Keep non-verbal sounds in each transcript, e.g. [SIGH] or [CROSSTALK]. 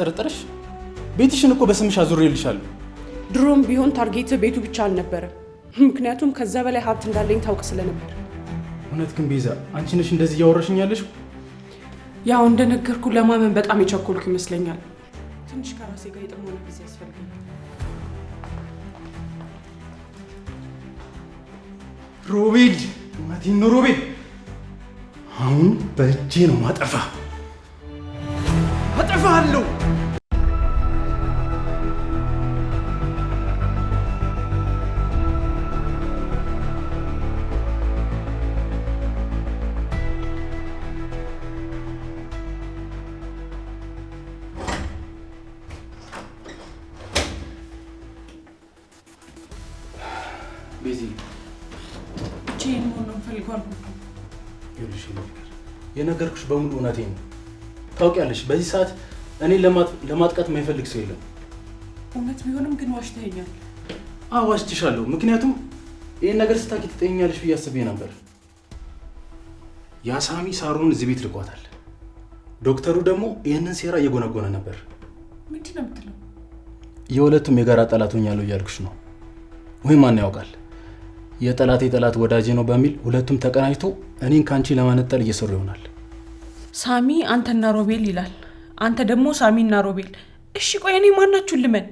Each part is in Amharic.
ያስጠረጠረሽ? ቤትሽን እኮ በስምሽ አዙሬልሻለሁ። ድሮም ቢሆን ታርጌት ቤቱ ብቻ አልነበረም። ምክንያቱም ከዛ በላይ ሀብት እንዳለኝ ታውቅ ስለነበር። እውነት ግን ቤዛ፣ አንቺ ነሽ እንደዚህ እያወረሽኝ ያለሽ? ያው እንደነገርኩ ለማመን በጣም የቸኮልኩ ይመስለኛል። ትንሽ ከራሴ ጋር የጥሞና ጊዜ ያስፈልገኛል። ሮቤል፣ እውነቴን ነው ሮቤል፣ አሁን በእጄ ነው ማጠፋ አጠፋሃለሁ። ቤዚ ብቻዬን መሆን ነው የምፈልገው። አልኩህ የነገርኩሽ በሙሉ እውነቴን ነው። ታውቂያለሽ፣ በዚህ ሰዓት እኔ ለማጥቃት የማይፈልግ ሰው የለም። እውነት ቢሆንም ግን ዋሽተኸኛል። አዎ ዋሽችሻለሁ። ምክንያቱም ይህን ነገር ስታኪ ትጠይኛለሽ ብዬ አስቤ ነበር። የአሳሚ ሳሩን እዚህ ቤት ልኳታል። ዶክተሩ ደግሞ ይህንን ሴራ እየጎነጎነ ነበር። ምንድን ነው የምትለው? የሁለቱም የጋራ ጠላት ሆኛለሁ እያልኩሽ ነው። ወይ ማን ያውቃል የጠላት የጠላት ወዳጄ ነው በሚል ሁለቱም ተቀናጅቶ እኔን ከአንቺ ለማነጠል እየሰሩ ይሆናል። ሳሚ አንተና ሮቤል ይላል። አንተ ደግሞ ሳሚና ሮቤል። እሺ ቆይ እኔ ማናችሁ ልመን?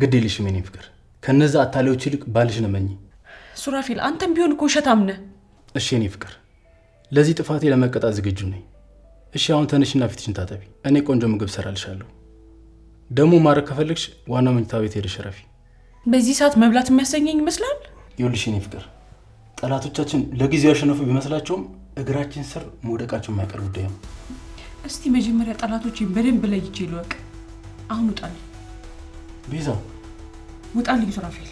ግድ የለሽም የኔ ፍቅር፣ ከነዛ አታሌዎች ይልቅ ባልሽ ነመኝ። ሱራፊል አንተም ቢሆን እኮ ውሸታም ነህ። እሺ የኔ ፍቅር፣ ለዚህ ጥፋቴ ለመቀጣት ዝግጁ ነኝ። እሺ አሁን ተነሽና ፊትሽን ታጠቢ፣ እኔ ቆንጆ ምግብ ሰራልሻለሁ። ደግሞ ማድረግ ከፈለግሽ ዋና መኝታ ቤት ሄደሽ ረፊ። በዚህ ሰዓት መብላት የሚያሰኘኝ ይመስላል። ይኸውልሽ የኔ ፍቅር፣ ጠላቶቻችን ለጊዜው ያሸነፉ ቢመስላቸውም እግራችን ስር መውደቃቸው የማይቀር ጉዳይ ነው። እስቲ መጀመሪያ ጠላቶችን በደንብ ለይቼ ልወቅ። አሁን ውጣልኝ ቤዛ፣ ውጣልኝ ሱራፌል።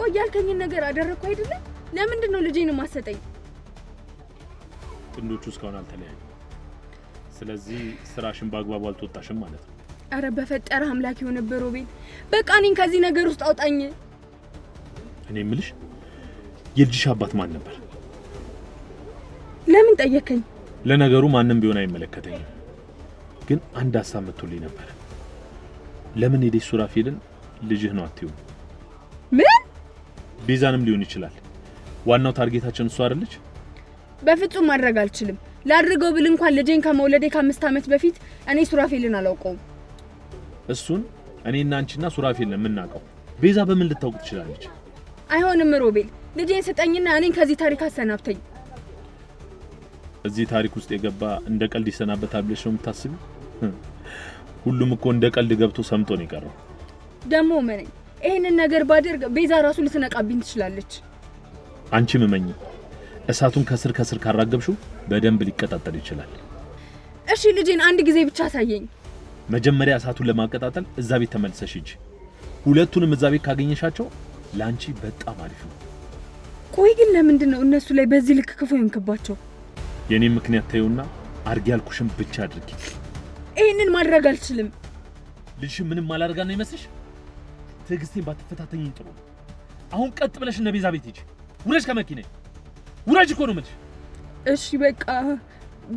ቆይ ያልከኝን ነገር አደረግኩ አይደለም? ለምንድን ነው ልጄን ማሰጠኝ? ጥንዶቹ እስካሁን አልተለያዩ ስለዚህ ስራሽን በአግባቡ አልተወጣሽም ማለት ነው። አረ በፈጠረ አምላክ የሆነበት ሮቤል፣ በቃ እኔን ከዚህ ነገር ውስጥ አውጣኝ። እኔ የምልሽ የልጅሽ አባት ማን ነበር? ለምን ጠየከኝ? ለነገሩ ማንም ቢሆን አይመለከተኝም፣ ግን አንድ ሀሳብ መጥቶልኝ ነበር። ለምን ሄደሽ ሱራፌልን ልጅህ ነው አትይውም? ምን ቤዛንም ሊሆን ይችላል። ዋናው ታርጌታችን እሱ አይደለች? በፍጹም ማድረግ አልችልም። ላድርገው ብል እንኳን ልጄን ከመውለዴ ከአምስት ዓመት በፊት እኔ ሱራፌልን አላውቀውም። እሱን እኔና አንቺና ሱራፌልን ነው የምናውቀው። ቤዛ በምን ልታውቅ ትችላለች? አይሆንም ሮቤል፣ ልጄን ስጠኝና እኔን ከዚህ ታሪክ አሰናብተኝ። እዚህ ታሪክ ውስጥ የገባ እንደ ቀልድ ይሰናበታል ብለሽ ነው የምታስቢ? ሁሉም እኮ እንደ ቀልድ ገብቶ ሰምቶ ነው የቀረው። ደግሞ መነኝ፣ ይህንን ነገር ባደርግ ቤዛ ራሱ ልትነቃብኝ ትችላለች። አንቺ ምመኝ እሳቱን ከስር ከስር ካራገብሽው በደንብ ሊቀጣጠል ይችላል። እሺ ልጄን አንድ ጊዜ ብቻ አሳየኝ። መጀመሪያ እሳቱን ለማቀጣጠል እዛ ቤት ተመልሰሽ ሂጂ። ሁለቱንም እዛ ቤት ካገኘሻቸው ለአንቺ በጣም አሪፍ ነው። ቆይ ግን ለምንድን ነው እነሱ ላይ በዚህ ልክ ክፉ ይሆንክባቸው? የእኔም ምክንያት ተይውና አድርጊ ያልኩሽን ብቻ አድርጊ። ይህንን ማድረግ አልችልም። ልጅሽ ምንም አላደርጋ ነው ይመስልሽ? ትዕግስቴን ባትፈታተኝ ጥሩ ነው። አሁን ቀጥ ብለሽ እነ ቤዛ ቤት ሂጂ። ውረሽ ከመኪና ውረጅ እኮ ነው የምልሽ። እሺ በቃ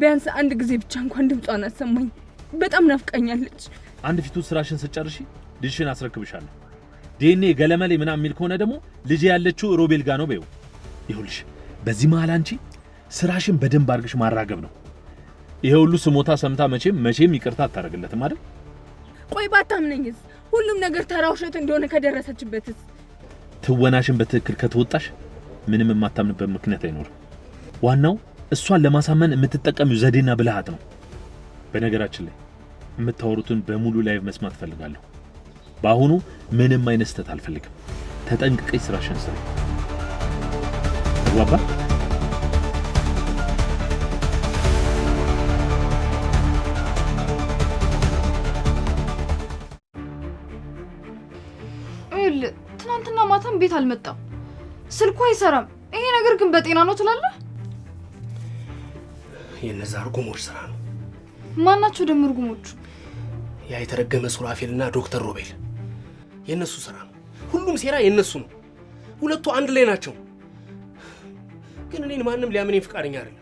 ቢያንስ አንድ ጊዜ ብቻ እንኳን ድምጿን አሰማኝ። በጣም ናፍቃኛለች። አንድ ፊቱ ስራሽን ስጨርሺ ልጅሽን አስረክብሻለሁ። ዴኔ ገለመሌ ምናምን የሚል ከሆነ ደግሞ ልጅ ያለችው ሮቤል ጋ ነው በይው። ይኸውልሽ በዚህ መሀል አንቺ ስራሽን በደንብ አድርግሽ ማራገብ ነው። ይሄ ሁሉ ስሞታ ሰምታ መቼም መቼም ይቅርታ አታደርግለትም አይደል? ቆይ ባታምነኝስ? ሁሉም ነገር ተራ ውሸት እንደሆነ ከደረሰችበትስ? ትወናሽን በትክክል ከተወጣሽ ምንም የማታምንበት ምክንያት አይኖርም። ዋናው እሷን ለማሳመን የምትጠቀሚው ዘዴና ብልሃት ነው። በነገራችን ላይ የምታወሩትን በሙሉ ላይቭ መስማት ፈልጋለሁ። በአሁኑ ምንም አይነት ስህተት አልፈልግም። ተጠንቅቀኝ ስራሽን ስሪ። ተግባባ? ትናንትና ማታም ቤት አልመጣም። ስልኩ አይሰራም። ይሄ ነገር ግን በጤና ነው ትላለህ? የነዛ እርጉሞች ስራ ነው። ማናቸው ደግሞ እርጉሞቹ? ያ የተረገመ እና ዶክተር ሮቤል የእነሱ ስራ ነው። ሁሉም ሴራ የእነሱ ነው። ሁለቱ አንድ ላይ ናቸው። ግን እኔን ማንም ሊያምኔ ፍቃደኛ አይደለም።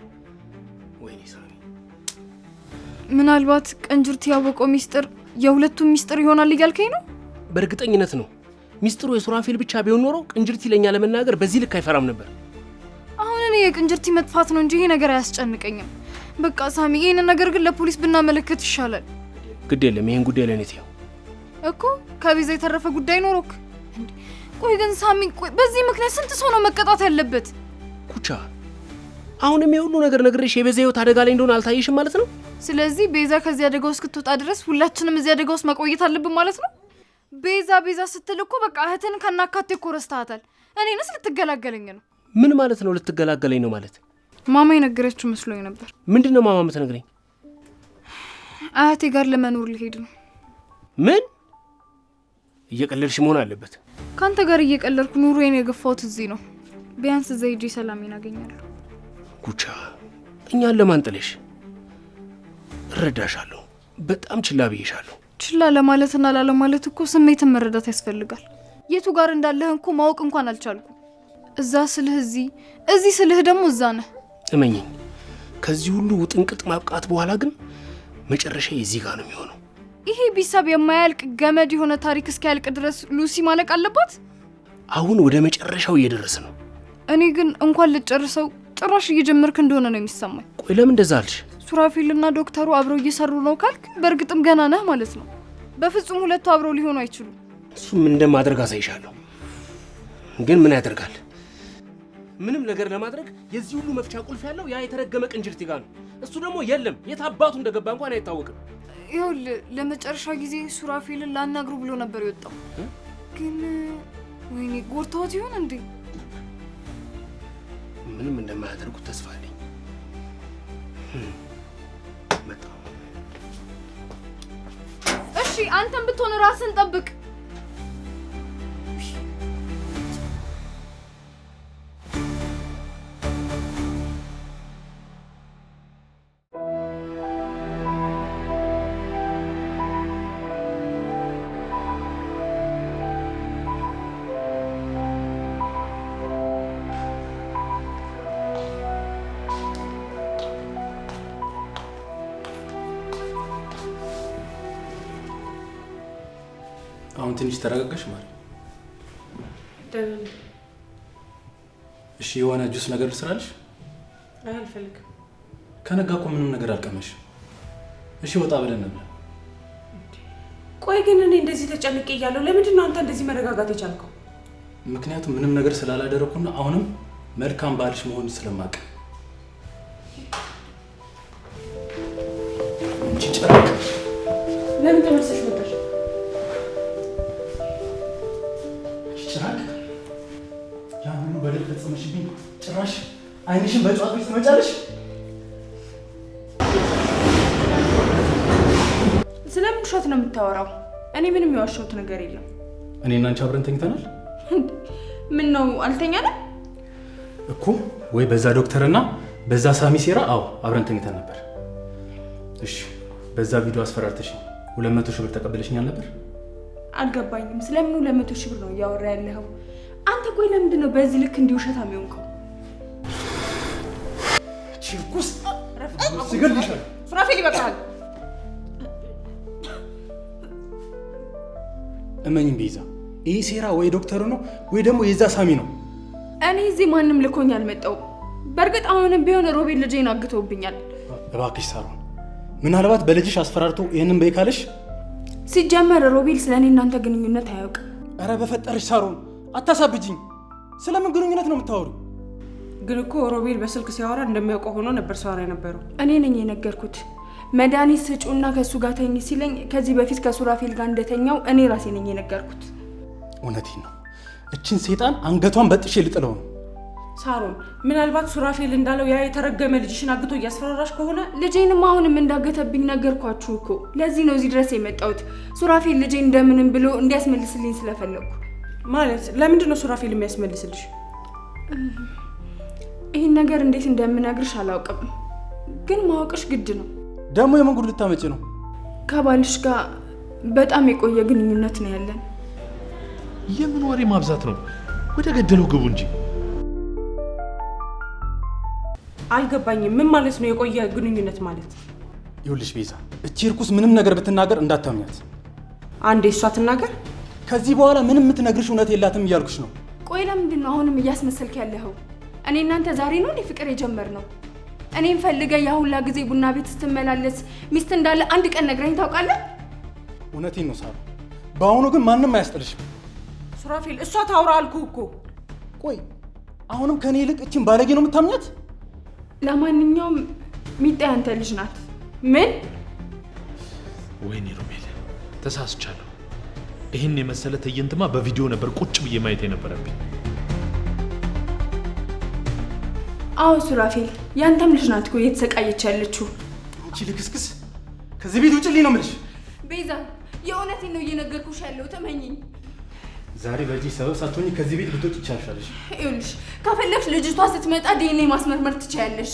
ወይኔ ሳሚ፣ ምናልባት ቀንጅርት ያወቀው ሚስጥር የሁለቱም ሚስጥር ይሆናል እያልከኝ ነው? በእርግጠኝነት ነው ሚስጥሩ የሱራፌል ብቻ ቢሆን ኖሮ ቅንጅርቲ ለእኛ ለመናገር በዚህ ልክ አይፈራም ነበር። አሁን እኔ የቅንጅርቲ መጥፋት ነው እንጂ ይሄ ነገር አያስጨንቀኝም። በቃ ሳሚ፣ ይህንን ነገር ግን ለፖሊስ ብናመለከት ይሻላል። ግድ የለም ይህን ጉዳይ ለእኔት ያው እኮ ከቤዛ የተረፈ ጉዳይ ኖሮክ። ቆይ ግን ሳሚ፣ ቆይ በዚህ ምክንያት ስንት ሰው ነው መቀጣት ያለበት? ኩቻ፣ አሁንም የሁሉ ነገር ነግሬሽ የቤዛ ህይወት አደጋ ላይ እንደሆነ አልታየሽም ማለት ነው። ስለዚህ ቤዛ ከዚህ አደጋ ውስጥ እስክትወጣ ድረስ ሁላችንም እዚህ አደጋ ውስጥ መቆየት አለብን ማለት ነው። ቤዛ ቤዛ ስትል እኮ በቃ እህትን ከናካቴ እኮ ረስተሃታል። እኔንስ ልትገላገለኝ ነው? ምን ማለት ነው ልትገላገለኝ ነው ማለት? ማማ የነገረችው መስሎኝ ነበር። ምንድን ነው ማማ የምትነግረኝ? አያቴ ጋር ለመኖር ልሄድ ነው። ምን እየቀለድሽ መሆን አለበት። ከአንተ ጋር እየቀለድኩ ኑሮዬን የገፋሁት እዚህ ነው። ቢያንስ እዛ ሄጄ ሰላሜን አገኛለሁ። ጉቻ እኛን ለማንጥለሽ እረዳሻለሁ። በጣም ችላ ብዬሻለሁ። ችላ ለማለትና ላለማለት እኮ ስሜትን መረዳት ያስፈልጋል። የቱ ጋር እንዳለህ እኮ ማወቅ እንኳን አልቻልኩም። እዛ ስልህ እዚህ፣ እዚህ ስልህ ደግሞ እዛ ነህ። እመኝኝ፣ ከዚህ ሁሉ ውጥንቅጥ ማብቃት በኋላ ግን መጨረሻ የዚህ ጋር ነው የሚሆነው። ይሄ ቢሳብ የማያልቅ ገመድ የሆነ ታሪክ እስኪያልቅ ድረስ ሉሲ ማለቅ አለባት። አሁን ወደ መጨረሻው እየደረስ ነው። እኔ ግን እንኳን ልጨርሰው ጭራሽ እየጀመርክ እንደሆነ ነው የሚሰማኝ። ቆይ ለምን እንደዛ አልሽ? ሱራፊልና ዶክተሩ አብረው እየሰሩ ነው ካልክ በእርግጥም ገና ነህ ማለት ነው። በፍጹም ሁለቱ አብረው ሊሆኑ አይችሉም። እሱም እንደማድረግ አሳይሻለሁ። ግን ምን ያደርጋል? ምንም ነገር ለማድረግ የዚህ ሁሉ መፍቻ ቁልፍ ያለው ያ የተረገመ ቅንጅርቲ ጋር ነው። እሱ ደግሞ የለም፣ የት አባቱ እንደገባ እንኳን አይታወቅም። ይኸውልህ ለመጨረሻ ጊዜ ሱራፊልን ላናግሩ ብሎ ነበር የወጣው። ግን ወይኔ ጎርታዎት ይሆን እንዴ? ምንም እንደማያደርጉት ተስፋ አለኝ። አንተን ብትሆን ራስን ጠብቅ። ትንሽ ተረጋጋሽ ማለት እሺ። የሆነ ጁስ ነገር ልስራልሽ? አልፈልግም። ከነጋ እኮ ምንም ነገር አልቀመሽ። እሺ፣ ወጣ ብለን ነበር። ቆይ ግን እኔ እንደዚህ ተጨንቄ እያለሁ ለምንድን ነው አንተ እንደዚህ መረጋጋት የቻልከው? ምክንያቱም ምንም ነገር ስላላደረኩና አሁንም መልካም ባልሽ መሆን ስለማቅ ለምን ተመልሰሽ አይንሽን በጨዋት ቤት ትመጫለሽ። ስለምን ውሸት ነው የምታወራው? እኔ ምንም የዋሸሁት ነገር የለም። እኔ እና አንቺ አብረን ተኝተናል። [LAUGHS] ምን ነው አልተኛንም እኮ ወይ በዛ ዶክተር እና በዛ ሳሚ ሴራ። አዎ አብረን ተኝተን ነበር። እሺ በዛ ቪዲዮ አስፈራርተሽ ሁለት መቶ ሺህ ብር ተቀበለሽኛል ነበር። አልገባኝም። ስለምን ሁለት መቶ ሺህ ብር ነው እያወራ ያለኸው አንተ? ቆይ ለምንድን ነው በዚህ ልክ እንዲህ ውሸት የሚሆንከው? ሱራፌል ይበቃል። እመኝም ቤዛ፣ ይሄ ሴራ ወይ ዶክተር ነው ወይ ደግሞ የዛ ሳሚ ነው። እኔ እዚህ ማንም ልኮኝ አልመጣሁም። በእርግጥ አሁንም ቢሆን ሮቤል ልጄን አግቶብኛል። እባክሽ ሳሮን፣ ምናልባት በልጅሽ አስፈራርቶ ይህንን በይ ካለሽ። ሲጀመር ሮቤል ስለ እኔ እናንተ ግንኙነት አያውቅም። እረ በፈጠርሽ ሳሮን አታሳብጅኝ። ስለምን ግንኙነት ነው የምታወሩ? ግን እኮ ሮቤል በስልክ ሲያወራ እንደሚያውቀው ሆኖ ነበር ሰዋራ የነበረው። እኔ ነኝ የነገርኩት። መድኃኒት ስጩና ከእሱ ጋር ተኝ ሲለኝ ከዚህ በፊት ከሱራፌል ጋር እንደተኛው እኔ ራሴ ነኝ የነገርኩት። እውነቴን ነው። እችን ሴጣን አንገቷን በጥሼ ልጥለው ነው። ሳሮን፣ ምናልባት ሱራፌል እንዳለው ያ የተረገመ ልጅሽን አግቶ እያስፈራራሽ ከሆነ ልጄንም አሁንም እንዳገተብኝ ነገርኳችሁ እኮ። ለዚህ ነው እዚህ ድረስ የመጣሁት። ሱራፌል ልጄን እንደምንም ብሎ እንዲያስመልስልኝ ስለፈለግኩ። ማለት ለምንድን ነው ሱራፌል የሚያስመልስልሽ? ይህን ነገር እንዴት እንደምነግርሽ አላውቅም፣ ግን ማወቅሽ ግድ ነው። ደግሞ የምን ጉድ ልታመጪ ነው? ከባልሽ ጋር በጣም የቆየ ግንኙነት ነው ያለን። የምን ወሬ ማብዛት ነው? ወደ ገደለው ግቡ እንጂ። አልገባኝም። ምን ማለት ነው የቆየ ግንኙነት ማለት? ይኸውልሽ ቤዛ፣ እቺ እርኩስ ምንም ነገር ብትናገር እንዳታምኛት። አንዴ እሷ ትናገር። ከዚህ በኋላ ምንም የምትነግርሽ እውነት የላትም እያልኩሽ ነው። ቆይ ለምንድን ነው አሁንም እያስመሰልክ ያለኸው? እኔ እናንተ ዛሬ ነው እንዲህ ፍቅር የጀመርነው? እኔም ፈልገ ያሁላ ጊዜ ቡና ቤት ስትመላለስ ሚስት እንዳለ አንድ ቀን ነግረኝ ታውቃለህ? እውነቴን ነው ሳሩ። በአሁኑ ግን ማንም አያስጥልሽም። ሱራፌል፣ እሷ ታውራ አልኩህ እኮ። ቆይ አሁንም ከእኔ ይልቅ እችን ባለጌ ነው የምታምኛት? ለማንኛውም ሚጣ ያንተ ልጅ ናት። ምን? ወይኔ ሩሜል ተሳስቻለሁ። ይህን የመሰለ ትዕይንትማ በቪዲዮ ነበር ቁጭ ብዬ ማየት የነበረብኝ። አዎ ሱራፌል፣ ያንተም ልጅ ናት እኮ እየተሰቃየች ያለችው። አንቺ ልክስክስ፣ ከዚህ ቤት ውጭ ልኝ ነው የምልሽ። ቤዛ፣ የእውነቴን ነው እየነገርኩሽ ያለው። ተመኝኝ ዛሬ በዚህ ሰበብ ሳትሆኝ ከዚህ ቤት ልትወጪ ይቻልሻለሽ። ይኸውልሽ፣ ከፈለግሽ ልጅቷ ስትመጣ ዲኤንኤ ማስመርመር ትችያለሽ።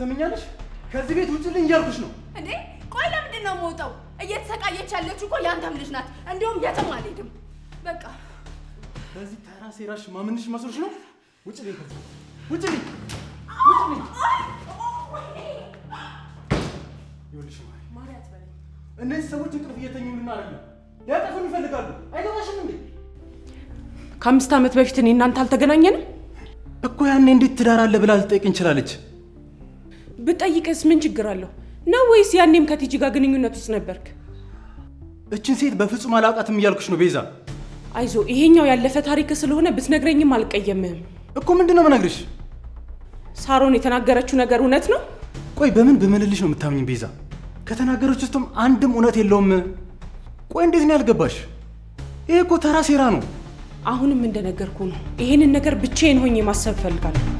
ሰምኛለሽ? ከዚህ ቤት ውጭ ልኝ እያልኩሽ ነው። እንዴ ቆይ፣ ለምንድን ነው የምወጣው? እየተሰቃየች ያለችው እኮ ያንተም ልጅ ናት። እንዲሁም የትም አልሄድም። በቃ በዚህ ተራ ሴራሽ ማምንሽ መስሎሽ ነው ውጭ ልኝ ውጭ ልኝ ውጭ ልኝ። ይኸውልሽ እነዚህ ሰዎች እንቅልፍ እየተኙ ምን ሊያጠፉን ይፈልጋሉ። አይገባሽም እንዴ? ከአምስት ዓመት በፊት እኔ እናንተ አልተገናኘንም እኮ። ያኔ እንዴት ትዳር አለ ብላ ልጠይቅ እንችላለች። ብጠይቅስ ምን ችግር አለው ነው? ወይስ ያኔም ከቲጂ ጋር ግንኙነት ውስጥ ነበርክ? እችን ሴት በፍጹም አላውቃትም እያልኩሽ ነው ቤዛ። አይዞ ይሄኛው ያለፈ ታሪክ ስለሆነ ብትነግረኝም አልቀየምህም። እኮ ምንድን ነው የምነግርሽ? ሳሮን የተናገረችው ነገር እውነት ነው? ቆይ በምን በምልልሽ ነው የምታምኝ? ቤዛ ከተናገረች ውስጥም አንድም እውነት የለውም። ቆይ እንዴት ነው ያልገባሽ? ይሄ እኮ ተራ ሴራ ነው። አሁንም እንደነገርኩ ነው። ይሄንን ነገር ብቻዬን ሆኜ ማሰብ እፈልጋለሁ።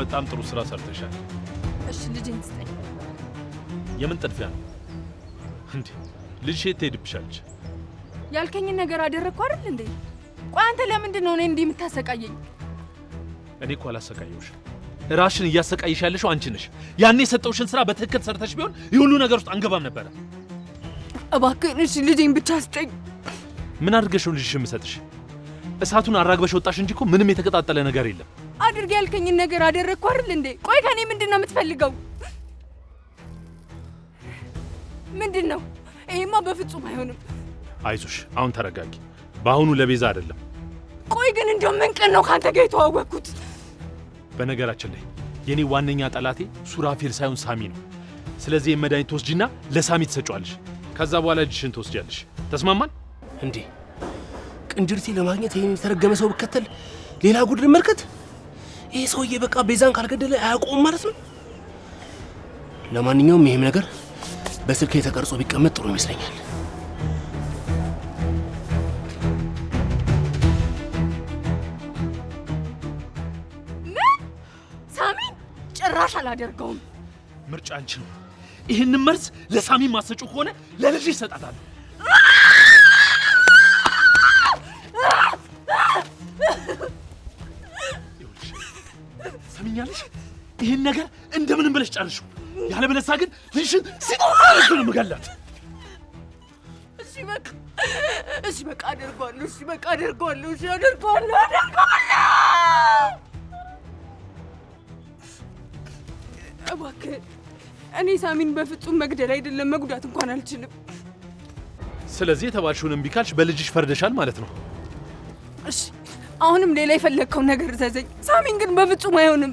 በጣም ጥሩ ስራ ሰርተሻል። እሺ ልጅ እንስጠኝ። የምን ጥድፊያ ነው እንዴ? ልጅሽ የት ትሄድብሻለች? ያልከኝን ነገር አደረግኩ አይደል እንዴ? ቆይ አንተ ለምንድን ነው እኔ እንዲህ የምታሰቃየኝ? እኔ እኮ አላሰቃየሁሽ። ራሽን እያሰቃይሽ ያለሽው አንቺ ነሽ። ያኔ የሰጠውሽን ስራ በትክክል ሰርተሽ ቢሆን ይህ ሁሉ ነገር ውስጥ አንገባም ነበረ። እባክህን እሺ ብቻ ስጠኝ። ምን አድርገሽ ነው ልጅሽ የምሰጥሽ? እሳቱን አራግበሽ ወጣሽ እንጂ እኮ ምንም የተቀጣጠለ ነገር የለም። አድርግ ያልከኝን ነገር አደረግኩ አይደል እንዴ? ቆይ ከኔ ምንድን ነው የምትፈልገው? ምንድን ነው ይሄማ? በፍጹም አይሆንም። አይዞሽ፣ አሁን ተረጋጊ። በአሁኑ ለቤዛ አይደለም። ቆይ ግን እንዲሁም ምን ቀን ነው ከአንተ ጋር የተዋወቅኩት? በነገራችን ላይ የእኔ ዋነኛ ጠላቴ ሱራፌል ሳይሆን ሳሚ ነው። ስለዚህ የመድኃኒት ትወስጂና ለሳሚ ትሰጫዋለሽ። ከዛ በኋላ እጅሽን ትወስጃለሽ። ተስማማን እንዴ? ቅንጅርቴ ለማግኘት ይህን የተረገመ ሰው ብከተል ሌላ ጉድ ልመልከት። ይሄ ሰውዬ በቃ ቤዛን ካልገደለ አያውቀውም ማለት ነው። ለማንኛውም ይህም ነገር በስልክ የተቀርጾ ቢቀመጥ ጥሩ ይመስለኛል። ጭራሽ አላደርገውም። ምርጫ አንቺ ነው። ይህንን መርዝ ለሳሚን ማሰጩ ከሆነ ለልጅ ይሰጣታል። ሰምኛለሽ? ይህን ነገር እንደምንም ብለሽ ጨርሽው። ያለበለሳ ግን ልጅሽን ሲቆርጥ ነው የምገላት። እሺ በቃ እሺ በቃ አደርገዋለሁ። እሺ በቃ አደርገዋለሁ። እሺ አደርገዋለሁ፣ አደርገዋለሁ። እባክህ እኔ ሳሚን በፍጹም መግደል አይደለም መጉዳት እንኳን አልችልም። ስለዚህ የተባልሽውን እምቢ ካልሽ በልጅሽ ፈርደሻል ማለት ነው። እሺ አሁንም ሌላ የፈለግከውን ነገር እዘዘኝ። ሳሚን ግን በፍጹም አይሆንም።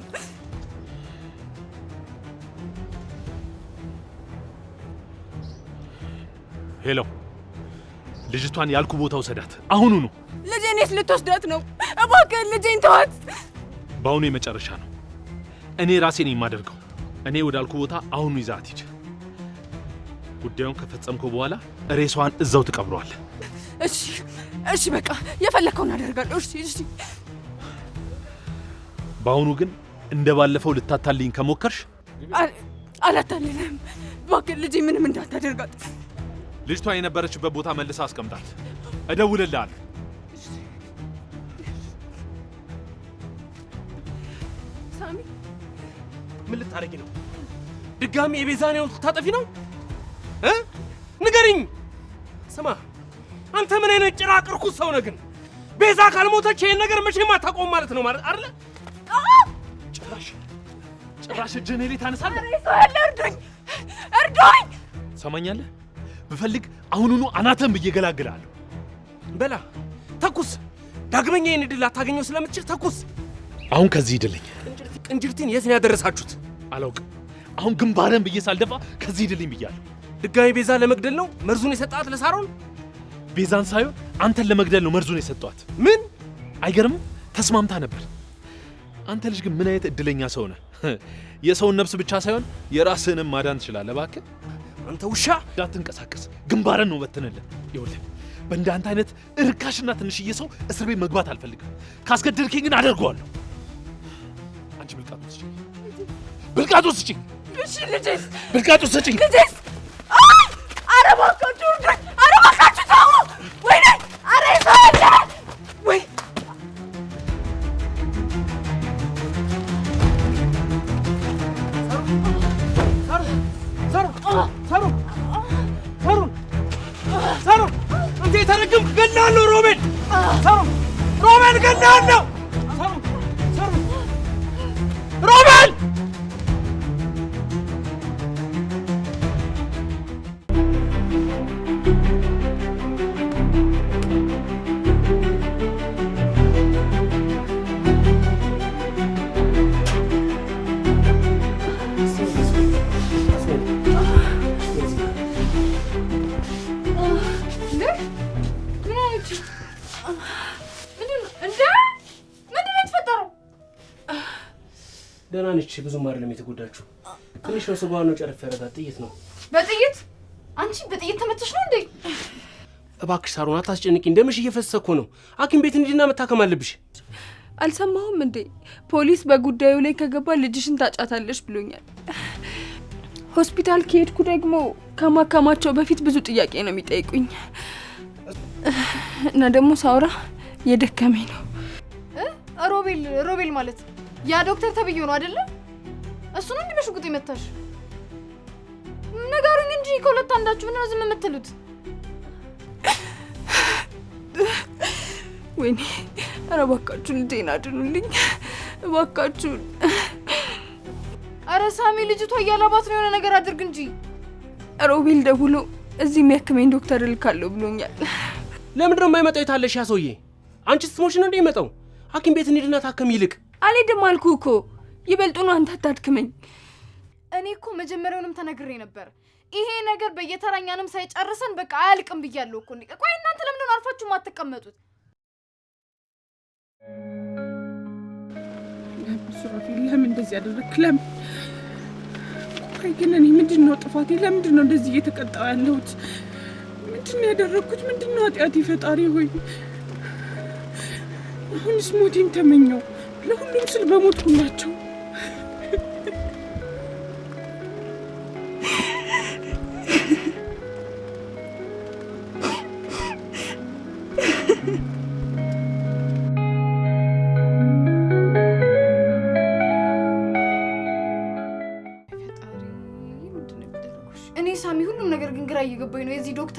ሄሎ፣ ልጅቷን ያልኩ ቦታ ውሰዳት አሁኑ ነው። ልጄን የት ልትወስዳት ነው? እባክህ ልጄን ተዋት። በአሁኑ የመጨረሻ ነው። እኔ ራሴ የማደርገው። እኔ ወዳልኩ ቦታ አሁኑ ይዛት ሂድ። ጉዳዩን ከፈጸምኩ በኋላ ሬሷን እዛው ትቀብረዋል። እሺ እሺ በቃ የፈለከውን አደርጋለሁ። እሺ እሺ። በአሁኑ ግን እንደ ባለፈው ልታታልኝ ከሞከርሽ አላታልልም። እባክህ ልጄ ምንም እንዳታደርጋት። ልጅቷ የነበረችበት ቦታ መልሰ አስቀምጣት። እደውልልሃለሁ። ሳሚ፣ ምን ልታረጊ ነው? ድጋሚ የቤዛን ታጠፊ ነው? ንገሪኝ። ስማ አንተ ምን አይነት ጭራቅ እርኩስ ሰው ነህ ግን? ቤዛ ካልሞተች ይሄን ነገር መቼም አታቆም ማለት ነው ማለት አይደለ? ጭራሽ ጭራሽ እጅህን እኔ ታነሳለህ። እርዱኝ፣ እርዱኝ። ሰማኛለህ? ብፈልግ አሁኑኑ አናተን ብዬ እገላግልሃለሁ። በላ ተኩስ። ዳግመኛ ይህን ድል አታገኘው ስለምትችል ተኩስ። አሁን ከዚህ ይድልኝ። ቅንጅርቲን የት ነው ያደረሳችሁት? አላውቅም። አሁን ግንባርን ብዬ ሳልደፋ ከዚህ ይድልኝ ብያለሁ። ድጋሚ ቤዛ ለመግደል ነው መርዙን የሰጣት ለሳሮን ቤዛን ሳይሆን አንተን ለመግደል ነው መርዙን የሰጠዋት። ምን አይገርምም? ተስማምታ ነበር። አንተ ልጅ ግን ምን አይነት እድለኛ ሰው ነህ? [LAUGHS] የሰውን ነፍስ ብቻ ሳይሆን የራስህንም ማዳን ትችላለህ። እባክህ አንተ ውሻ እንዳትንቀሳቀስ፣ ግንባረን ነው በትንልን። ይኸውልህ በእንዳንተ አይነት እርካሽና ትንሽዬ ሰው እስር ቤት መግባት አልፈልግም። ካስገደልከኝ ግን አደርገዋለሁ። አንቺ ብልቃጡ ስጪ፣ ብልቃጡ ስጪ፣ ብልቃጡ ስጪ። አረባ ነው ሮቤል ሮቤል ገና ነው ተጎድታለች። ብዙም አይደለም የተጎዳችሁ፣ ትንሽ ነው ስጋዋ ነው ጨረፍ ያረጋት ጥይት ነው። በጥይት አንቺ በጥይት ተመትሽ ነው እንዴ? እባክሽ ሳሮን አታስጨንቂ። እንደምሽ እየፈሰሰ ነው። ሐኪም ቤት እንዲና መታከም አለብሽ። አልሰማሁም እንዴ? ፖሊስ በጉዳዩ ላይ ከገባ ልጅሽን ታጫታለሽ ብሎኛል። ሆስፒታል ከሄድኩ ደግሞ ከማከማቸው በፊት ብዙ ጥያቄ ነው የሚጠይቁኝ እና ደግሞ ሳውራ የደከመኝ ነው። ሮቤል ሮቤል ማለት ያ ዶክተር ተብዬ ነው አይደለም? እሱን እንዲህ በሽጉጥ የመታሽ ንገሩኝ እንጂ ከሁለት አንዳችሁ ምን ነው ዝም የምትሉት? ወይኔ ኧረ እባካችሁን ልጄን አድኑልኝ እባካችሁን። ኧረ ሳሚ ልጅቷ እያለባት ነው፣ የሆነ ነገር አድርግ እንጂ። ሮቤል ደውሎ እዚህ የሚያክመኝ ዶክተር እልካለሁ ብሎኛል። ለምንድን ነው የማይመጣው? የታለሽ ያ ሰውዬ? አንቺ ስትሞች ነው እንደ ይመጣው። ሐኪም ቤት እንሂድና ታከም። ይልቅ አልሄድም አልኩህ እኮ ይበልጡን አንተ አታድክመኝ። እኔ እኮ መጀመሪያውንም ተነግሬ ነበር ይሄ ነገር በየተራኛንም ሳይጨርሰን በቃ አያልቅም ብያለሁ እኮ። ቆይ እናንተ ለምንድን አርፋችሁ ማትቀመጡት? ለምን እንደዚህ ያደረግክ? ለምን ቆይ ግን እኔ ምንድን ነው ጥፋቴ? ለምንድን ነው እንደዚህ እየተቀጣው ያለሁት? ምንድን ነው ያደረግኩት? ምንድን ነው ኃጢአቴ? ፈጣሪ ሆይ አሁንስ ሞቴን ተመኘው። ለሁሉም ስል በሞት ሁላቸው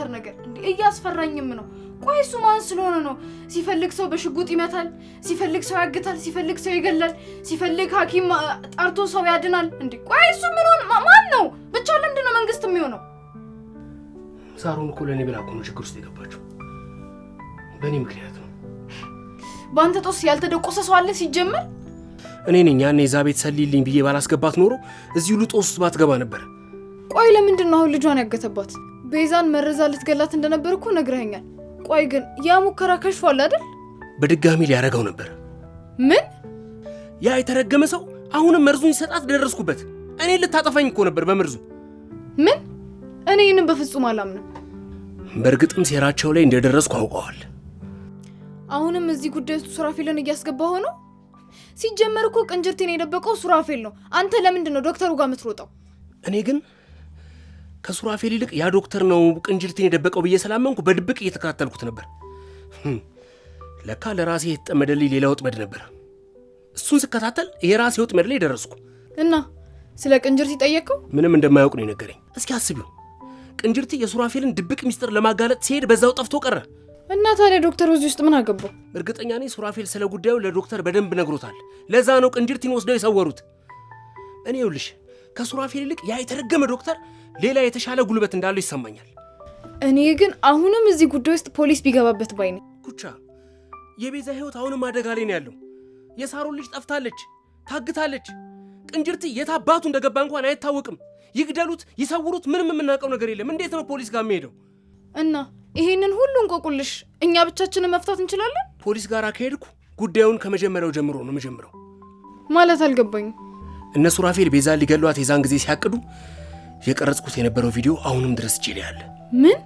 የሚገትር ነገር እንዴ! እያስፈራኝም ነው። ቆይ እሱ ማን ስለሆነ ነው? ሲፈልግ ሰው በሽጉጥ ይመታል፣ ሲፈልግ ሰው ያግታል፣ ሲፈልግ ሰው ይገላል፣ ሲፈልግ ሐኪም ጠርቶ ሰው ያድናል። እንዴ! ቆይ እሱ ምን ማን ነው? ብቻ ለምንድን ነው መንግስት የሚሆነው? ሳሮን እኮ ለእኔ ብላ እኮ ነው ችግር ውስጥ የገባችው፣ በእኔ ምክንያት ነው። በአንተ ጦስ ያልተደቆሰ ሰው አለ ሲጀመር? እኔ ነኝ ያኔ እዛ ቤት ሰሊልኝ ብዬ ባላስገባት ኖሮ እዚህ ሁሉ ጦስ ውስጥ ባትገባ ነበር። ቆይ ለምንድን ነው አሁን ልጇን ያገተባት? ቤዛን መረዛ ልትገላት እንደነበር እኮ ነግረኸኛል። ቆይ ግን ያ ሙከራ ከሽፏል አይደል? በድጋሚ ሊያረገው ነበር። ምን? ያ የተረገመ ሰው አሁንም መርዙን ሲሰጣት ደረስኩበት። እኔ ልታጠፋኝ እኮ ነበር በመርዙ። ምን? እኔ ይህንን በፍጹም አላምንም። በእርግጥም ሴራቸው ላይ እንደደረስኩ አውቀዋል። አሁንም እዚህ ጉዳይ ውስጥ ሱራፌልን እያስገባ ሆኖ ሲጀመር እኮ ቅንጅርቴን የደበቀው ሱራፌል ነው። አንተ ለምንድን ነው ዶክተሩ ጋር የምትሮጠው? እኔ ግን ከሱራፌል ይልቅ ያ ዶክተር ነው ቅንጅልትን የደበቀው ብዬ ስላመንኩ በድብቅ እየተከታተልኩት ነበር። ለካ ለራሴ የተጠመደልኝ ሌላ ወጥመድ ነበር። እሱን ስከታተል የራሴ ወጥመድ ላይ ደረስኩ። እና ስለ ቅንጅርቲ ጠየቅከው? ምንም እንደማያውቅ ነው የነገረኝ። እስኪ አስቢው፣ ቅንጅርቲ የሱራፌልን ድብቅ ሚስጥር ለማጋለጥ ሲሄድ በዛው ጠፍቶ ቀረ። እና ታዲያ ዶክተር እዚህ ውስጥ ምን አገባው? እርግጠኛ ነኝ ሱራፌል ስለ ጉዳዩ ለዶክተር በደንብ ነግሮታል። ለዛ ነው ቅንጅርቲን ወስደው የሰወሩት። እኔ ይኸውልሽ ከሱራፌል ይልቅ ያ የተረገመ ዶክተር ሌላ የተሻለ ጉልበት እንዳለው ይሰማኛል። እኔ ግን አሁንም እዚህ ጉዳይ ውስጥ ፖሊስ ቢገባበት ባይ ነኝ። ኩቻ፣ የቤዛ ህይወት አሁንም አደጋ ላይ ነው ያለው። የሳሮን ልጅ ጠፍታለች፣ ታግታለች። ቅንጅርቲ የት አባቱ እንደገባ እንኳን አይታወቅም። ይግደሉት፣ ይሰውሩት፣ ምንም የምናውቀው ነገር የለም። እንዴት ነው ፖሊስ ጋር የሚሄደው? እና ይሄንን ሁሉ እንቆቁልሽ እኛ ብቻችንን መፍታት እንችላለን? ፖሊስ ጋር ከሄድኩ ጉዳዩን ከመጀመሪያው ጀምሮ ነው የምጀምረው። ማለት አልገባኝም። እነ ሱራፌል ቤዛ ሊገሏት የዛን ጊዜ ሲያቅዱ የቀረጽኩት የነበረው ቪዲዮ አሁንም ድረስ እጄ ያለ ምን?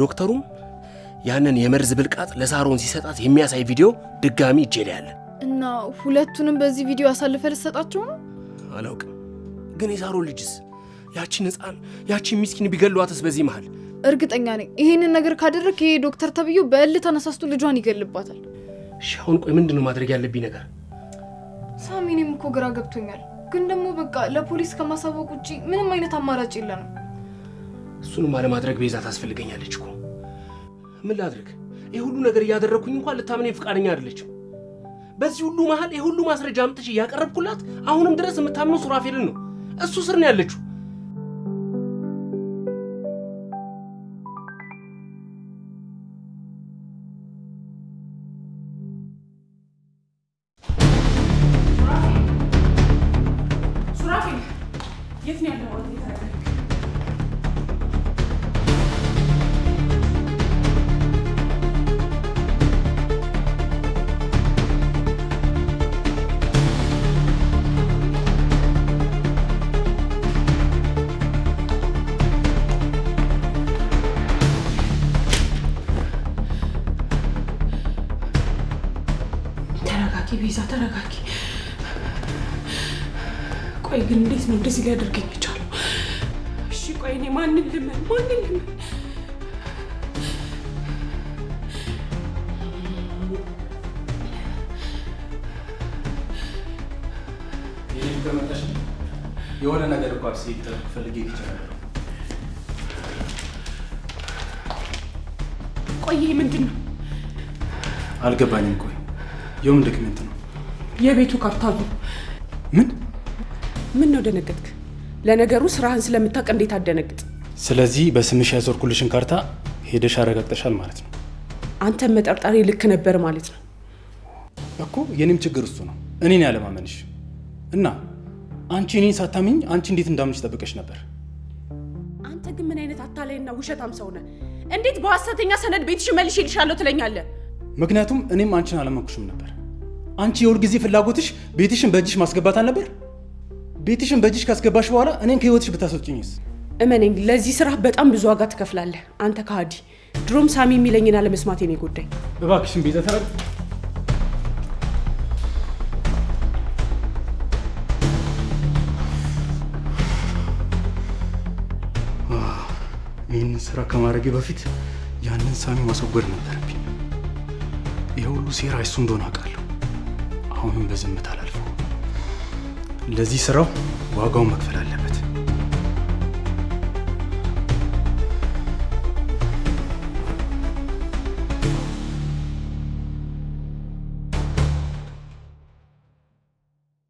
ዶክተሩም ያንን የመርዝ ብልቃጥ ለሳሮን ሲሰጣት የሚያሳይ ቪዲዮ ድጋሚ እጄ ላይ አለ። እና ሁለቱንም በዚህ ቪዲዮ አሳልፈ ልሰጣቸው ነው? አላውቅም። ግን የሳሮን ልጅስ? ያቺን ሕፃን ያቺን ሚስኪን ቢገሏትስ? በዚህ መሀል እርግጠኛ ነኝ ይህንን ነገር ካደረግ ይሄ ዶክተር ተብዮ በእል ተነሳስቶ ልጇን ይገልባታል። እሺ አሁን ቆይ ምንድን ነው ማድረግ ያለብኝ ነገር? ሳሚ፣ እኮ ግራ ገብቶኛል። ግን ደግሞ በቃ ለፖሊስ ከማሳወቅ ውጪ ምንም አይነት አማራጭ የለንም። እሱንማ ለማድረግ ቤዛ ታስፈልገኛለች እኮ። ምን ላድርግ? ይህ ሁሉ ነገር እያደረግኩኝ እንኳን ልታምነኝ ፈቃደኛ አይደለችም። በዚህ ሁሉ መሀል የሁሉ ማስረጃ አምጥቼ እያቀረብኩላት አሁንም ድረስ የምታምነው ሱራፌልን ነው። እሱ ስር ነው ያለችው። ሊያደርገኝ የቻለው? እሺ ቆይ እኔ ማንን ልመን? ማንን ልመን? የሆነ ነገር እኮ ሴት ፈልጌ ይችላል። ቆይ ይሄ ምንድን ነው? አልገባኝም። ቆይ የምን ዶክመንት ነው? የቤቱ ካርታ ነው። ምን ምን ነው ደነገጥክ? ለነገሩ ስራህን ስለምታውቅ እንዴት አደነግጥ። ስለዚህ በስምሽ ያዞርኩልሽን ካርታ ሄደሽ አረጋግጠሻል ማለት ነው። አንተን መጠርጣሪ ልክ ነበር ማለት ነው እኮ። የኔም ችግር እሱ ነው፣ እኔን ያለማመንሽ እና አንቺ እኔን ሳታምኝ አንቺ እንዴት እንዳምንሽ ጠብቀሽ ነበር። አንተ ግን ምን አይነት አታላይና ውሸታም ሰው ነህ? እንዴት በሐሰተኛ ሰነድ ቤትሽ መልሼ ይልሻለሁ ትለኛለህ? ምክንያቱም እኔም አንቺን አላመንኩሽም ነበር። አንቺ የሁልጊዜ ፍላጎትሽ ቤትሽን በእጅሽ ማስገባት አልነበር? ቤትሽን በእጅሽ ካስገባሽ በኋላ እኔን ከህይወትሽ ብታስወጭኝስ? እመነኝ፣ ለዚህ ስራ በጣም ብዙ ዋጋ ትከፍላለህ አንተ ከሃዲ። ድሮም ሳሚ የሚለኝና ለመስማቴ ነው የጎዳኝ። እባክሽን ቤዛ ተረ ይህንን ስራ ከማድረጌ በፊት ያንን ሳሚ ማስወገድ ነበረብኝ። ይህ ሁሉ ሴራ እሱ እንደሆነ አውቃለሁ። አሁንም በዝምታ ለዚህ ስራው ዋጋውን መክፈል አለበት።